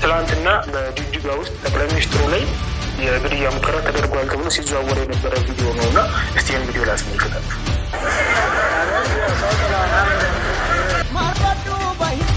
ትላንትና በጅጅጋ ውስጥ ጠቅላይ ሚኒስትሩ ላይ የግድያ ሙከራ ተደርጓል ተብሎ ሲዘዋወር የነበረ ቪዲዮ ነው እና እስቲ ቪዲዮ ላስመልክታችሁ።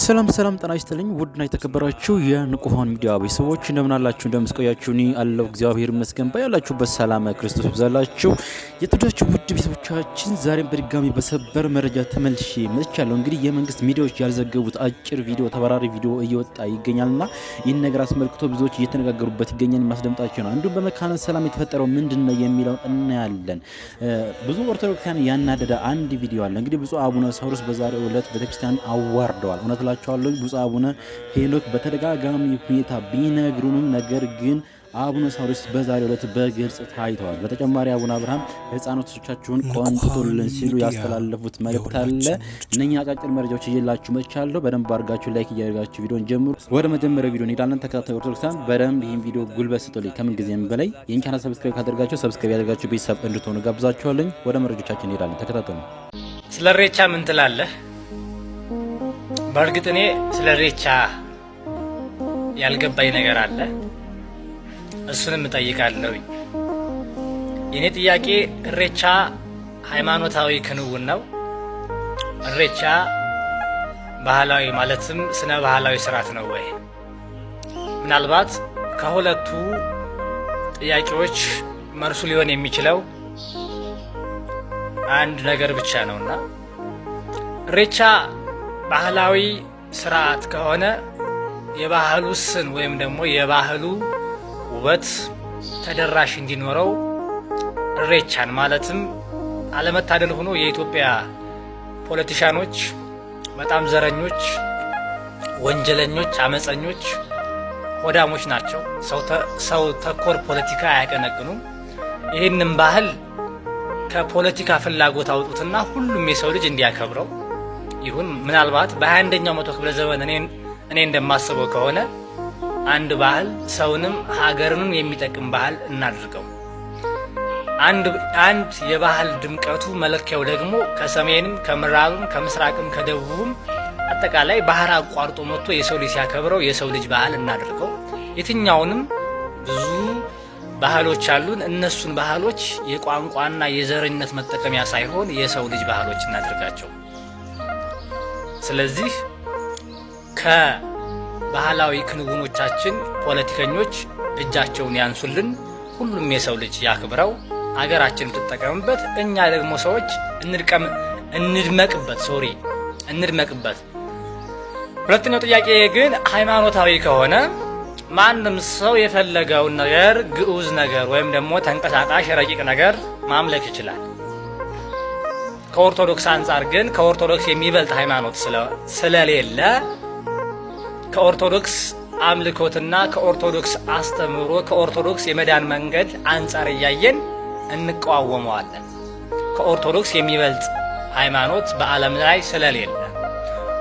ሰላም ሰላም፣ ጤና ይስጥልኝ ውድና የተከበራችሁ የንቁሆን ሚዲያ ቤተሰቦች እንደምን አላችሁ? እንደምስቆያችሁ እኔ አለሁ እግዚአብሔር ይመስገን። ባያላችሁበት ሰላም ክርስቶስ ብዛላችሁ። የተወደዳችሁ ውድ ቤተሰቦቻችን ዛሬም በድጋሚ በሰበር መረጃ ተመልሼ መጥቻለሁ። እንግዲህ የመንግስት ሚዲያዎች ያልዘገቡት አጭር ቪዲዮ፣ ተበራሪ ቪዲዮ እየወጣ ይገኛልና ይህን ነገር አስመልክቶ ብዙዎች እየተነጋገሩበት ይገኛል። የማስደምጣቸው ነው። አንዱም በመካነ ሰላም የተፈጠረው ምንድን ነው የሚለውን እናያለን። ብዙ ኦርቶዶክሳን ያናደደ አንድ ቪዲዮ አለ። እንግዲህ ብፁዕ አቡነ ሳዊሮስ በዛሬው ዕለት ቤተክርስቲያን አዋርደዋል። እላችኋለሁ ብፁዕ አቡነ ሄኖክ በተደጋጋሚ ሁኔታ ቢነግሩንም ነገር ግን አቡነ ሳዊሮስ በዛሬው ዕለት በግልጽ ታይተዋል። በተጨማሪ አቡነ አብርሃም ሕፃናቶቻችሁን ቆንጥጡልን ሲሉ ያስተላለፉት መልእክት አለ። እነኛ አጫጭር መረጃዎች እየላችሁ መቻለሁ። በደንብ አድርጋችሁ ላይክ እያደርጋችሁ ቪዲዮን ጀምሩ። ወደ መጀመሪያው ቪዲዮ እንሄዳለን። ተከታታይ ኦርቶዶክሳን በደንብ ይህን ቪዲዮ ጉልበት ስጡልኝ። ከምን ጊዜም በላይ ይህን ቻናል ሰብስክራይብ ካደርጋችሁ ሰብስክራይብ ያደርጋችሁ ቤተሰብ እንድትሆኑ ጋብዛችኋለኝ። ወደ መረጃዎቻችን እንሄዳለን። ተከታተሉ። ስለ ሬቻ ምን ትላለህ? በእርግጥ እኔ ስለ ሬቻ ያልገባኝ ነገር አለ። እሱንም እጠይቃለሁ። የእኔ ጥያቄ እሬቻ ሃይማኖታዊ ክንውን ነው። እሬቻ ባህላዊ ማለትም ስነ ባህላዊ ስርዓት ነው ወይ? ምናልባት ከሁለቱ ጥያቄዎች መርሱ ሊሆን የሚችለው አንድ ነገር ብቻ ነውና እሬቻ ባህላዊ ስርዓት ከሆነ የባህሉ ስን ወይም ደግሞ የባህሉ ውበት ተደራሽ እንዲኖረው እሬቻን ማለትም አለመታደል ሆኖ የኢትዮጵያ ፖለቲሻኖች በጣም ዘረኞች፣ ወንጀለኞች፣ አመፀኞች፣ ሆዳሞች ናቸው። ሰው ተኮር ፖለቲካ አያቀነቅኑም። ይህንም ባህል ከፖለቲካ ፍላጎት አውጡትና ሁሉም የሰው ልጅ እንዲያከብረው ይሁን ምናልባት በ21ኛው መቶ ክፍለ ዘመን እኔ እንደማስበው ከሆነ አንድ ባህል ሰውንም ሀገርንም የሚጠቅም ባህል እናድርገው። አንድ የባህል ድምቀቱ መለኪያው ደግሞ ከሰሜንም ከምዕራብም ከምስራቅም ከደቡብም አጠቃላይ ባህር አቋርጦ መጥቶ የሰው ልጅ ሲያከብረው የሰው ልጅ ባህል እናድርገው። የትኛውንም ብዙ ባህሎች አሉን። እነሱን ባህሎች የቋንቋና የዘረኝነት መጠቀሚያ ሳይሆን የሰው ልጅ ባህሎች እናድርጋቸው። ስለዚህ ከባህላዊ ክንውኖቻችን ፖለቲከኞች እጃቸውን ያንሱልን። ሁሉም የሰው ልጅ ያክብረው፣ አገራችን ትጠቀምበት። እኛ ደግሞ ሰዎች እንድቀም እንድመቅበት ሶሪ እንድመቅበት። ሁለተኛው ጥያቄ ግን ሃይማኖታዊ ከሆነ ማንም ሰው የፈለገውን ነገር ግዑዝ ነገር ወይም ደግሞ ተንቀሳቃሽ ረቂቅ ነገር ማምለክ ይችላል። ከኦርቶዶክስ አንጻር ግን ከኦርቶዶክስ የሚበልጥ ሃይማኖት ስለሌለ ከኦርቶዶክስ አምልኮትና ከኦርቶዶክስ አስተምህሮ ከኦርቶዶክስ የመዳን መንገድ አንጻር እያየን እንቃወመዋለን። ከኦርቶዶክስ የሚበልጥ ሃይማኖት በዓለም ላይ ስለሌለ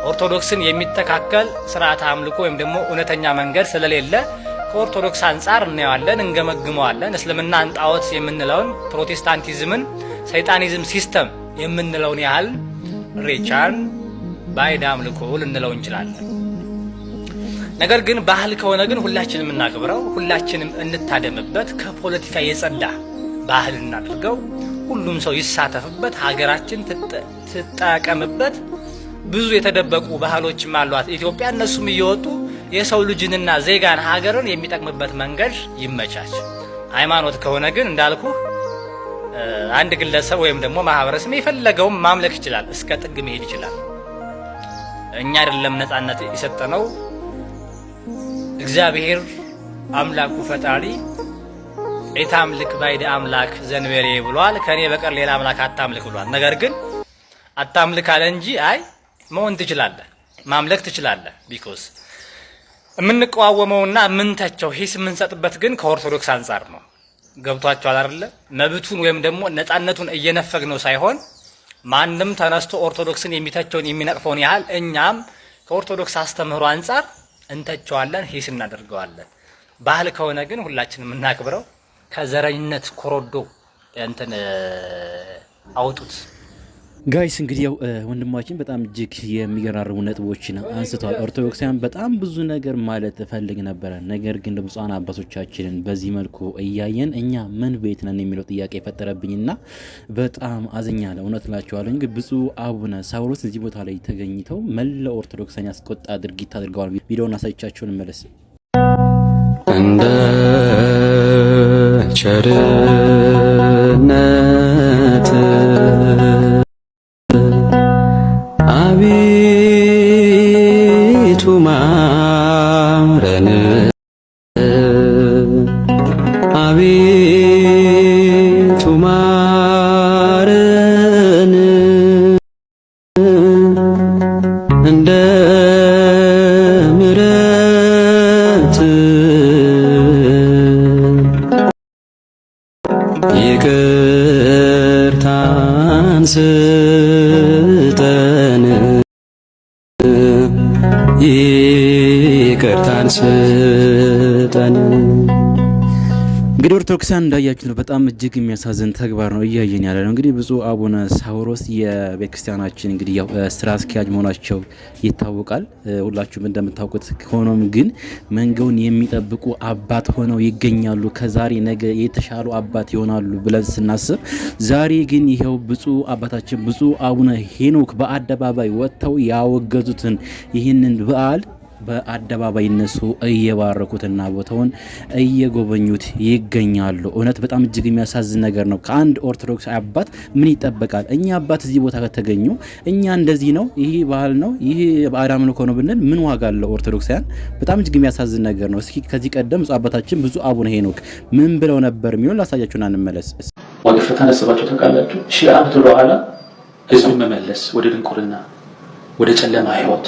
ኦርቶዶክስን የሚተካከል ስርዓተ አምልኮ ወይም ደግሞ እውነተኛ መንገድ ስለሌለ ከኦርቶዶክስ አንጻር እናየዋለን፣ እንገመግመዋለን። እስልምናን ጣዖት የምንለውን ፕሮቴስታንቲዝምን ሰይጣኒዝም ሲስተም የምንለውን ያህል ሬቻን ባዕድ አምልኮ ልንለው እንችላለን። ነገር ግን ባህል ከሆነ ግን ሁላችንም እናክብረው፣ ሁላችንም እንታደምበት፣ ከፖለቲካ የጸዳ ባህል እናድርገው፣ ሁሉም ሰው ይሳተፍበት፣ ሀገራችን ትጠቀምበት። ብዙ የተደበቁ ባህሎችም አሏት ኢትዮጵያ። እነሱም እየወጡ የሰው ልጅንና ዜጋን ሀገርን የሚጠቅምበት መንገድ ይመቻች። ሃይማኖት ከሆነ ግን እንዳልኩ አንድ ግለሰብ ወይም ደግሞ ማህበረሰብ የፈለገውን ማምለክ ይችላል፣ እስከ ጥግ መሄድ ይችላል። እኛ አይደለም ነፃነት የሰጠነው እግዚአብሔር አምላኩ ፈጣሪ ኢታምልክ ባይደ አምላክ ዘንበሬ ብሏል። ከኔ በቀር ሌላ አምላክ አታምልክ ብሏል። ነገር ግን አታምልክ አለ እንጂ አይ መሆን ትችላለህ፣ ማምለክ ትችላለህ። ቢኮዝ የምንቀዋወመውና የምንተቸው ሂስ የምንሰጥበት ግን ከኦርቶዶክስ አንጻር ነው። ገብቷቸዋል አይደለ? መብቱን ወይም ደግሞ ነፃነቱን እየነፈግ ነው ሳይሆን ማንም ተነስቶ ኦርቶዶክስን የሚተቸውን የሚነቅፈውን ያህል እኛም ከኦርቶዶክስ አስተምህሮ አንጻር እንተቸዋለን፣ ሂስ እናደርገዋለን። ባህል ከሆነ ግን ሁላችንም የምናክብረው ከዘረኝነት ኮረዶ እንትን አውጡት። ጋይስ እንግዲህ ያው ወንድማችን በጣም እጅግ የሚገራርቡ ነጥቦችን አንስተዋል። ኦርቶዶክሳውያን በጣም ብዙ ነገር ማለት እፈልግ ነበረ፣ ነገር ግን ብፁዓን አባቶቻችንን በዚህ መልኩ እያየን እኛ ምን ቤት ነን የሚለው ጥያቄ የፈጠረብኝና በጣም አዝኛለሁ። እውነት እላቸዋለሁ። እንግዲህ ብፁዕ አቡነ ሳዊሮስ እዚህ ቦታ ላይ ተገኝተው መላው ኦርቶዶክሳን ያስቆጣ ድርጊት አድርገዋል። ቪዲዮውን አሳይቻቸውን መለስ እንደ ቸርነት ኦርቶዶክሳን እንዳያችሁ ነው። በጣም እጅግ የሚያሳዝን ተግባር ነው እያየን ያለ ነው። እንግዲህ ብፁዕ አቡነ ሳውሮስ የቤተክርስቲያናችን እንግዲህ ያው ስራ አስኪያጅ መሆናቸው ይታወቃል ሁላችሁም እንደምታውቁት። ሆኖም ግን መንገውን የሚጠብቁ አባት ሆነው ይገኛሉ። ከዛሬ ነገ የተሻሉ አባት ይሆናሉ ብለን ስናስብ፣ ዛሬ ግን ይኸው ብፁዕ አባታችን ብፁዕ አቡነ ሄኖክ በአደባባይ ወጥተው ያወገዙትን ይህንን በዓል በአደባባይ እነሱ እየባረኩትና ቦታውን እየጎበኙት ይገኛሉ። እውነት በጣም እጅግ የሚያሳዝን ነገር ነው። ከአንድ ኦርቶዶክስ አባት ምን ይጠበቃል? እኛ አባት እዚህ ቦታ ከተገኙ እኛ እንደዚህ ነው፣ ይህ ባህል ነው፣ ይህ ባዕድ አምልኮ ነው ብንል ምን ዋጋ አለው? ኦርቶዶክሳውያን በጣም እጅግ የሚያሳዝን ነገር ነው። እስኪ ከዚህ ቀደም ብፁዕ አባታችን ብፁዕ አቡነ ሄኖክ ምን ብለው ነበር የሚሆን ላሳያችሁን አንመለስ። ወቅፍ ተነስባችሁ ታውቃላችሁ። ሺህ ዓመት በኋላ ህዝብን መመለስ ወደ ድንቁርና፣ ወደ ጨለማ ህይወት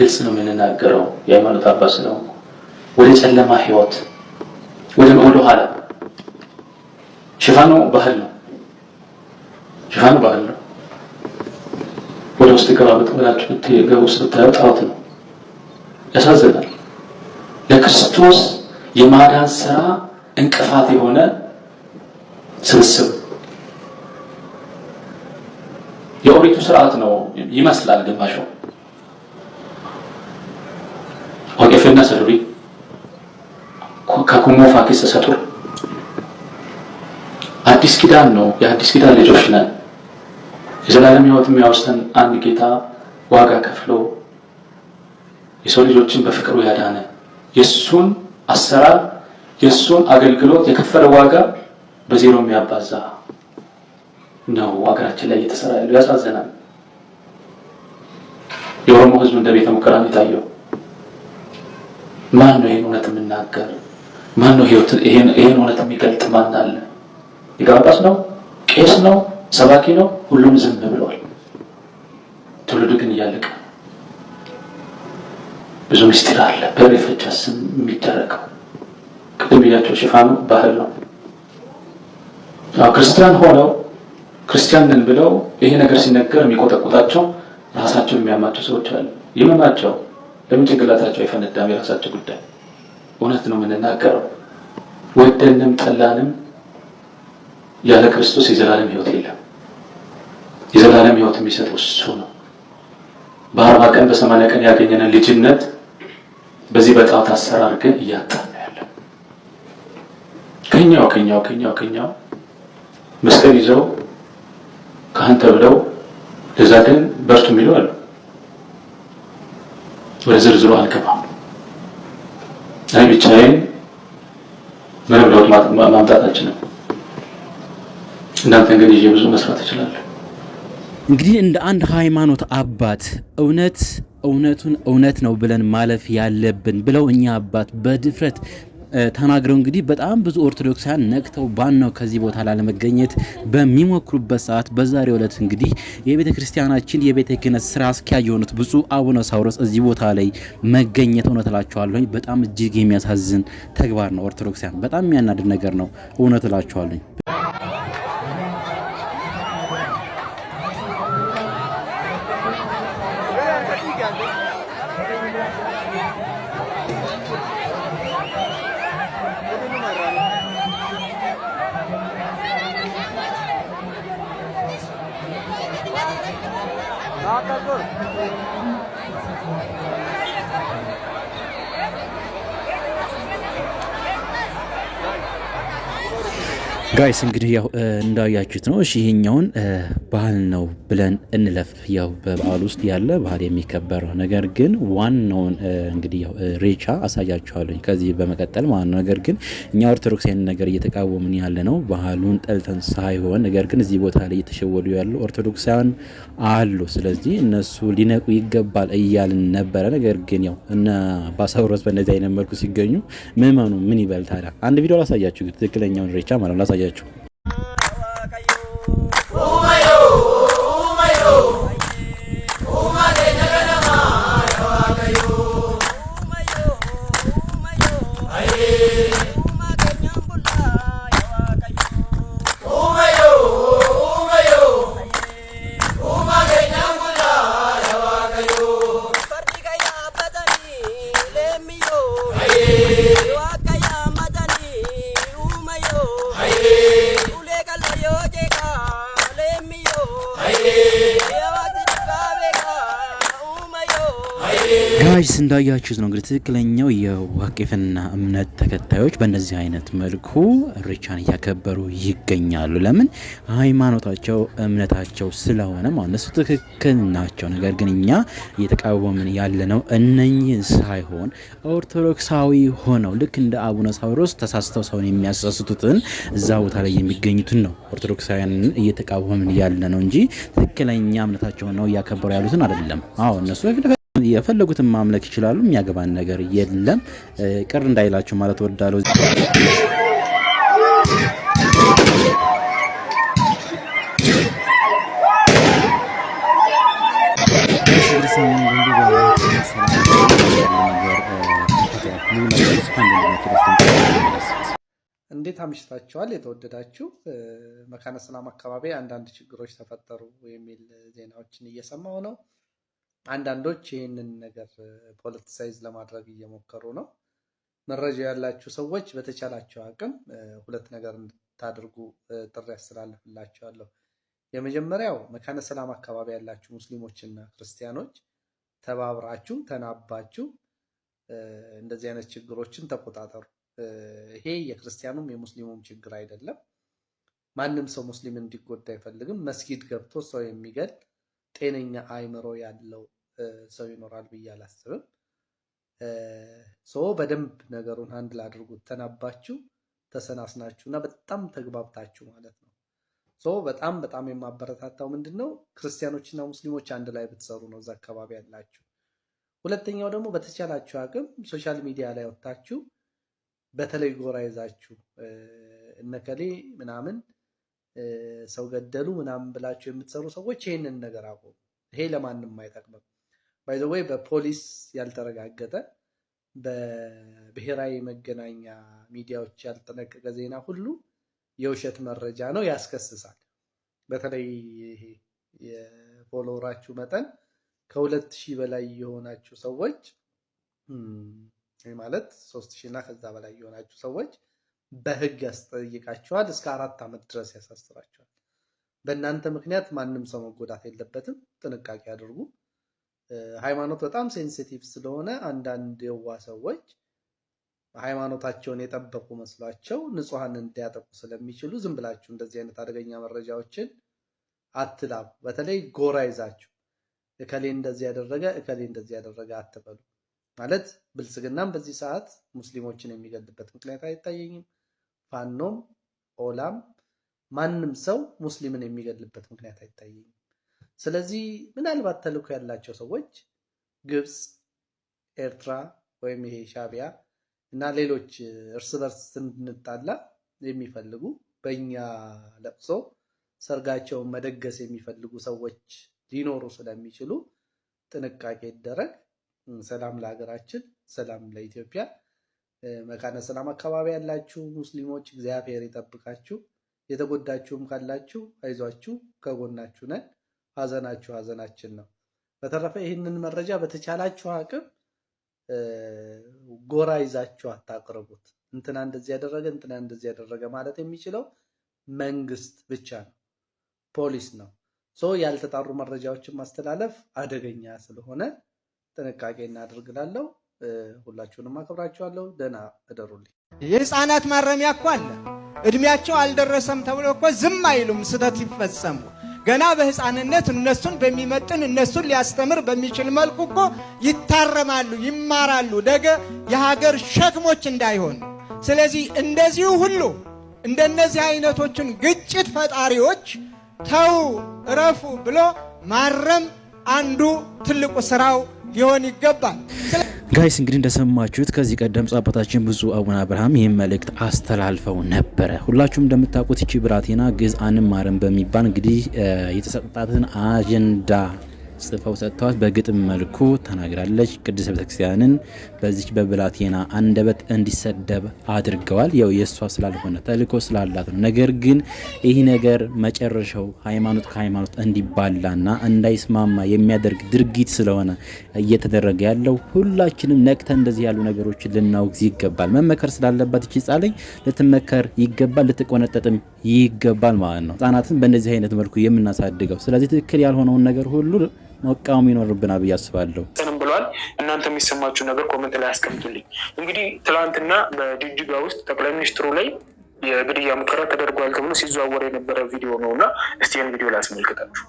ግልጽ ነው የምንናገረው። የሃይማኖት አባት ነው። ወደ ጨለማ ህይወት ወደ ወደ ኋላ ሽፋኑ ባህል ነው። ሽፋኑ ባህል ነው። ወደ ውስጥ ገባ ብላችሁ ብትገቡ ውስጥ ጣዖት ነው። ያሳዝናል። ለክርስቶስ የማዳን ስራ እንቅፋት የሆነ ስብስብ የኦሪቱ ስርዓት ነው ይመስላል ግማሸው waaqeffannaa isa durii kakumoofaa keessa isa ture. አዲስ ኪዳን ነው። የአዲስ ኪዳን ልጆች ነን። የዘላለም ሕይወት የሚያወርሰን አንድ ጌታ ዋጋ ከፍሎ የሰው ልጆችን በፍቅሩ ያዳነ የእሱን አሰራር የእሱን አገልግሎት የከፈለ ዋጋ በዜሮ የሚያባዛ ነው ሀገራችን ላይ እየተሰራ ያለው። ያሳዝናል። የኦሮሞ ሕዝብ እንደ ቤተ ሙከራ ነው የታየው። ማን ነው ይህን እውነት የምናገር? ማን ነው ይህን እውነት የሚገልጥ? ማን አለ? ሊቀ ነው? ቄስ ነው? ሰባኪ ነው? ሁሉም ዝም ብለዋል። ትውልዱ ግን እያለቀ ብዙ ምስጢር አለ። በሬፈቻ ስም የሚደረገው ቅድም ሽፋኑ ባህል ነው። ክርስቲያን ሆነው ክርስቲያንን ብለው ይሄ ነገር ሲነገር የሚቆጠቁጣቸው ራሳቸውን የሚያማቸው ሰዎች አሉ። ይመማቸው ለምን ጭንቅላታቸው አይፈነዳም? የራሳቸው ጉዳይ። እውነት ነው የምንናገረው። ወደንም ጠላንም ያለ ክርስቶስ የዘላለም ህይወት የለም። የዘላለም ህይወት የሚሰጥ እሱ ነው። በአርባ ቀን በሰማንያ ቀን ያገኘንን ልጅነት በዚህ በጣዖት አሰራር ግን እያጣን ያለን ከኛው ከኛው ከኛው ከኛው መስቀል ይዘው ካህን ተብለው ለዛ ግን በርቱ የሚለው አሉ ወደ ዝርዝሩ አልገባም። እኔ ብቻዬን ምንም ለውጥ ማምጣት ነው እናንተ እንግዲህ ብዙ መስራት ይችላል እንግዲህ እንደ አንድ ሃይማኖት አባት እውነት እውነቱን እውነት ነው ብለን ማለፍ ያለብን ብለው እኛ አባት በድፍረት ተናግረው እንግዲህ በጣም ብዙ ኦርቶዶክሳውያን ነቅተው ባን ነው ከዚህ ቦታ ላለመገኘት በሚሞክሩበት ሰዓት በዛሬው ዕለት እንግዲህ የቤተ ክርስቲያናችን የቤተ ክህነት ስራ አስኪያጅ የሆኑት ብፁዕ አቡነ ሳዊሮስ እዚህ ቦታ ላይ መገኘት እውነት እላቸዋለሁኝ በጣም እጅግ የሚያሳዝን ተግባር ነው። ኦርቶዶክሳውያን በጣም የሚያናድድ ነገር ነው። እውነት እላቸዋለሁኝ። ጋይስ እንግዲህ ያው እንዳያችሁት ነው። እሺ ይሄኛውን ባህል ነው ብለን እንለፍ። ያው በበዓል ውስጥ ያለ ባህል የሚከበረው ነገር ግን ዋናውን እንግዲህ ያው ሬቻ አሳያችኋለኝ ከዚህ በመቀጠል ማለት ነው። ነገር ግን እኛ ኦርቶዶክስ ይህን ነገር እየተቃወምን ያለ ነው ባህሉን ጠልተን ሳይሆን፣ ነገር ግን እዚህ ቦታ ላይ እየተሸወዱ ያሉ ኦርቶዶክሳውያን አሉ። ስለዚህ እነሱ ሊነቁ ይገባል እያልን ነበረ። ነገር ግን ያው እነ ባሳውሮስ በእነዚህ አይነት መልኩ ሲገኙ ምዕመኑ ምን ይበል ታዲያ? አንድ ቪዲዮ ላሳያችሁ፣ ትክክለኛውን ሬቻ ማለት ላሳያችሁ እንዳያችሁት ነው እንግዲህ ትክክለኛው የዋቄፍና እምነት ተከታዮች በእነዚህ አይነት መልኩ እሬቻን እያከበሩ ይገኛሉ። ለምን ሃይማኖታቸው፣ እምነታቸው ስለሆነ ማለት እነሱ ትክክል ናቸው። ነገር ግን እኛ እየተቃወምን ያለነው እነኝህን ሳይሆን ኦርቶዶክሳዊ ሆነው ልክ እንደ አቡነ ሳዊሮስ ተሳስተው ሰውን የሚያሳስቱትን እዛ ቦታ ላይ የሚገኙትን ነው ኦርቶዶክሳውያንን እየተቃወምን ያለ ነው እንጂ ትክክለኛ እምነታቸውን ነው እያከበሩ ያሉትን አይደለም። አዎ እነሱ የፈለጉትን ማምለክ ይችላሉ። የሚያገባን ነገር የለም። ቅር እንዳይላቸው ማለት ወዳለው እንዴት አምሽታችኋል? የተወደዳችሁ መካነ ሰላም አካባቢ አንዳንድ ችግሮች ተፈጠሩ የሚል ዜናዎችን እየሰማው ነው። አንዳንዶች ይህንን ነገር ፖለቲሳይዝ ለማድረግ እየሞከሩ ነው። መረጃ ያላችሁ ሰዎች በተቻላቸው አቅም ሁለት ነገር እንድታደርጉ ጥሪ ያስተላልፍላቸዋለሁ። የመጀመሪያው መካነ ሰላም አካባቢ ያላችሁ ሙስሊሞችና ክርስቲያኖች ተባብራችሁ ተናባችሁ እንደዚህ አይነት ችግሮችን ተቆጣጠሩ። ይሄ የክርስቲያኑም የሙስሊሙም ችግር አይደለም። ማንም ሰው ሙስሊም እንዲጎዳ አይፈልግም። መስጊድ ገብቶ ሰው የሚገል ጤነኛ አይምሮ ያለው ሰው ይኖራል ብዬ አላስብም። ሰው በደንብ ነገሩን አንድ ላድርጉት ተናባችሁ ተሰናስናችሁ እና በጣም ተግባብታችሁ ማለት ነው። ሰው በጣም በጣም የማበረታታው ምንድን ነው ክርስቲያኖችና ሙስሊሞች አንድ ላይ ብትሰሩ ነው እዛ አካባቢ ያላችሁ። ሁለተኛው ደግሞ በተቻላችሁ አቅም ሶሻል ሚዲያ ላይ ወጥታችሁ በተለይ ጎራ ይዛችሁ እነከሌ ምናምን ሰው ገደሉ ምናምን ብላችሁ የምትሰሩ ሰዎች ይህንን ነገር አቁሙ። ይሄ ለማንም አይጠቅምም። ባይዘወይ በፖሊስ ያልተረጋገጠ በብሔራዊ መገናኛ ሚዲያዎች ያልጠነቀቀ ዜና ሁሉ የውሸት መረጃ ነው፣ ያስከስሳል። በተለይ ይሄ የፎሎወራችሁ መጠን ከሁለት ሺህ በላይ የሆናችሁ ሰዎች ማለት ሶስት ሺህ እና ከዛ በላይ የሆናችሁ ሰዎች በህግ ያስጠይቃቸዋል። እስከ አራት ዓመት ድረስ ያሳስራቸዋል። በእናንተ ምክንያት ማንም ሰው መጎዳት የለበትም። ጥንቃቄ አድርጉ። ሃይማኖት በጣም ሴንሲቲቭ ስለሆነ አንዳንድ የዋ ሰዎች ሃይማኖታቸውን የጠበቁ መስሏቸው ንጹሐን እንዲያጠቁ ስለሚችሉ ዝም ብላችሁ እንደዚህ አይነት አደገኛ መረጃዎችን አትላኩ። በተለይ ጎራ ይዛችሁ እከሌ እንደዚህ ያደረገ እከሌ እንደዚህ ያደረገ አትበሉ። ማለት ብልጽግናም በዚህ ሰዓት ሙስሊሞችን የሚገልበት ምክንያት አይታየኝም። ፋኖም ኦላም ማንም ሰው ሙስሊምን የሚገድልበት ምክንያት አይታየኝም። ስለዚህ ምናልባት ተልዕኮ ያላቸው ሰዎች ግብፅ፣ ኤርትራ ወይም ይሄ ሻቢያ እና ሌሎች እርስ በርስ እንድንጣላ የሚፈልጉ በእኛ ለቅሶ ሰርጋቸውን መደገስ የሚፈልጉ ሰዎች ሊኖሩ ስለሚችሉ ጥንቃቄ ይደረግ። ሰላም ለሀገራችን፣ ሰላም ለኢትዮጵያ። መካነ ሰላም አካባቢ ያላችሁ ሙስሊሞች እግዚአብሔር ይጠብቃችሁ። የተጎዳችሁም ካላችሁ አይዟችሁ፣ ከጎናችሁ ነን። ሀዘናችሁ ሀዘናችን ነው። በተረፈ ይህንን መረጃ በተቻላችሁ አቅም ጎራ ይዛችሁ አታቅርቡት። እንትና እንደዚህ ያደረገ እንትና እንደዚህ ያደረገ ማለት የሚችለው መንግስት ብቻ ነው፣ ፖሊስ ነው። ሶ ያልተጣሩ መረጃዎችን ማስተላለፍ አደገኛ ስለሆነ ጥንቃቄ እናደርግላለው። ሁላችሁንም አከብራችኋለሁ። ደህና እደሩልኝ። የህፃናት ማረሚያ እኮ አለ። እድሜያቸው አልደረሰም ተብሎ እኮ ዝም አይሉም። ስህተት ይፈጸሙ ገና በህፃንነት እነሱን በሚመጥን እነሱን ሊያስተምር በሚችል መልኩ እኮ ይታረማሉ፣ ይማራሉ፣ ነገ የሀገር ሸክሞች እንዳይሆኑ። ስለዚህ እንደዚሁ ሁሉ እንደነዚህ አይነቶችን ግጭት ፈጣሪዎች ተው እረፉ ብሎ ማረም አንዱ ትልቁ ስራው ሊሆን ይገባል። ጋይስ እንግዲህ እንደሰማችሁት ከዚህ ቀደም አባታችን ብፁዕ አቡነ አብርሃም ይህን መልእክት አስተላልፈው ነበረ። ሁላችሁም እንደምታውቁት ይቺ ብራቴና ግዕዝ አንማርም በሚባል እንግዲህ የተሰጣትን አጀንዳ ጽፈው ሰጥተዋት በግጥም መልኩ ተናግራለች። ቅድስት ቤተክርስቲያንን በዚች በብላቴና አንደበት እንዲሰደብ አድርገዋል። ያው የእሷ ስላልሆነ ተልእኮ ስላላት ነው። ነገር ግን ይህ ነገር መጨረሻው ሃይማኖት ከሃይማኖት እንዲባላና እንዳይስማማ የሚያደርግ ድርጊት ስለሆነ እየተደረገ ያለው ሁላችንም ነቅተ እንደዚህ ያሉ ነገሮችን ልናውግዝ ይገባል። መመከር ስላለባት ይቺ ጻለኝ ልትመከር ይገባል፣ ልትቆነጠጥም ይገባል ማለት ነው። ህጻናትን በእንደዚህ አይነት መልኩ የምናሳድገው ስለዚህ ትክክል ያልሆነውን ነገር ሁሉ መቃወም ይኖርብናል ብዬ አስባለሁ። ተንም ብለዋል። እናንተ የሚሰማችሁ ነገር ኮመንት ላይ አስቀምጡልኝ። እንግዲህ ትላንትና በጅጅጋ ውስጥ ጠቅላይ ሚኒስትሩ ላይ የግድያ ሙከራ ተደርጓል ተብሎ ሲዘዋወር የነበረ ቪዲዮ ነው እና እስቲ ያን ቪዲዮ ላስመልክታችሁ።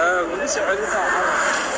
哎，我们小孩就好了。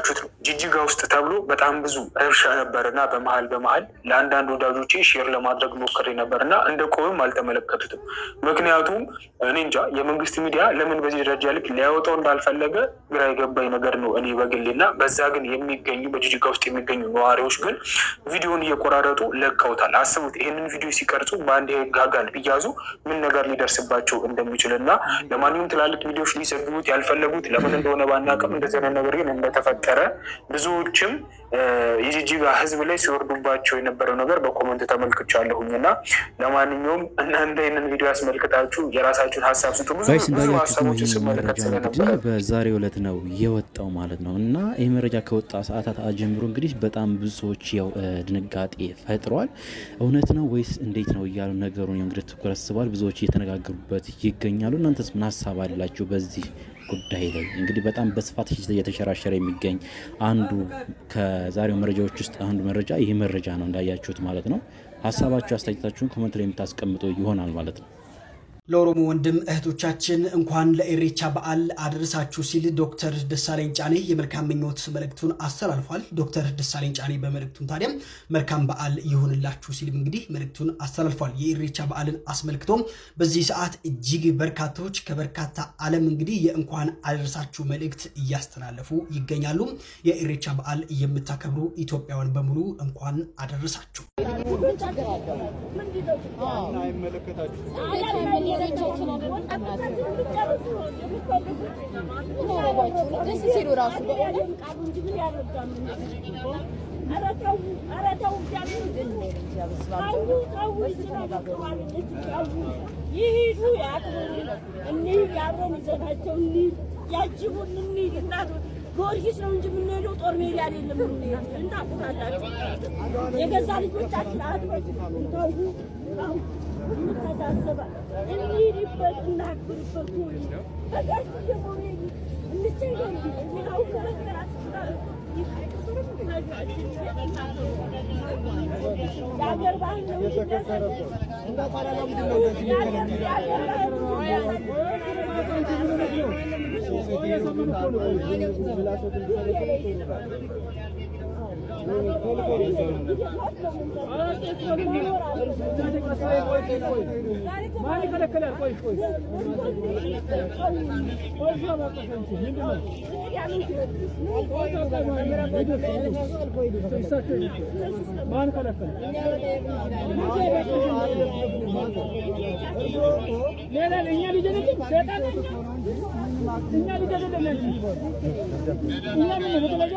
እንዳያችሁት ነው። ጅጅጋ ውስጥ ተብሎ በጣም ብዙ እርሻ ነበር እና በመሀል በመሀል ለአንዳንድ ወዳጆቼ ሼር ለማድረግ ሞክሬ ነበር እና እንደ ቆዩም አልተመለከቱትም። ምክንያቱም እኔ እንጃ የመንግስት ሚዲያ ለምን በዚህ ደረጃ ልክ ሊያወጣው እንዳልፈለገ ግራ የገባኝ ነገር ነው እኔ በግሌ እና በዛ ግን የሚገኙ በጅጅጋ ውስጥ የሚገኙ ነዋሪዎች ግን ቪዲዮን እየቆራረጡ ለቀውታል። አስቡት ይህንን ቪዲዮ ሲቀርጹ በአንድ ጋጋል ቢያዙ ምን ነገር ሊደርስባቸው እንደሚችል እና ለማንኛውም ትላልቅ ሚዲያዎች ሊዘግቡት ያልፈለጉት ለምን እንደሆነ ባናውቅም እንደዚህ ነገር ግን እንደተፈጠረ ተፈጠረ። ብዙዎችም የጅጅጋ ህዝብ ላይ ሲወርዱባቸው የነበረው ነገር በኮመንት ተመልክቻለሁኝ እና ለማንኛውም እናንተ ይህንን ቪዲዮ ያስመልክታችሁ የራሳችሁን ሀሳብ ስጡ። ብዙ ብዙ ሀሳቦችን ስመለከት ስለነበረ በዛሬው ዕለት ነው የወጣው ማለት ነው እና ይህ መረጃ ከወጣ ሰዓታት ጀምሮ እንግዲህ በጣም ብዙ ሰዎች ያው ድንጋጤ ፈጥሯል። እውነት ነው ወይስ እንዴት ነው እያሉ ነገሩን እንግዲህ ትኩረት ስቧል። ብዙዎች እየተነጋገሩበት ይገኛሉ። እናንተስ ምን ሀሳብ አላችሁ በዚህ ጉዳይ ላይ እንግዲህ በጣም በስፋት እየተሸራሸረ የሚገኝ አንዱ ከዛሬው መረጃዎች ውስጥ አንዱ መረጃ ይህ መረጃ ነው እንዳያችሁት ማለት ነው። ሀሳባችሁ አስተያየታችሁን ኮመንት ላይ የምታስቀምጡ ይሆናል ማለት ነው። ለኦሮሞ ወንድም እህቶቻችን እንኳን ለኢሬቻ በዓል አደረሳችሁ ሲል ዶክተር ደሳለኝ ጫኔ የመልካም ምኞት መልእክቱን አስተላልፏል። ዶክተር ደሳለኝ ጫኔ በመልእክቱም ታዲያም መልካም በዓል ይሁንላችሁ ሲልም እንግዲህ መልእክቱን አስተላልፏል። የኢሬቻ በዓልን አስመልክቶም በዚህ ሰዓት እጅግ በርካቶች ከበርካታ ዓለም እንግዲህ የእንኳን አደረሳችሁ መልእክት እያስተላለፉ ይገኛሉ። የኢሬቻ በዓል የምታከብሩ ኢትዮጵያውያን በሙሉ እንኳን አደረሳችሁ። ደስ ሲሉ ራሱ ይሄዱ ያክብሩ እንሂድ፣ ያጅቡን እንሂድ። እናት ጊዮርጊስ ነው እንጂ የምንሄደው ጦር ሜዳ አይደለም። እንሂድ የገዛ ልጆቻችን አትበጭ ታሁ እንተሳሰባል እንሂድበት፣ እናክብርበት። ወደ లేదా ఇኛ లిజ ఇኛ లిజ ఇኛ లిజ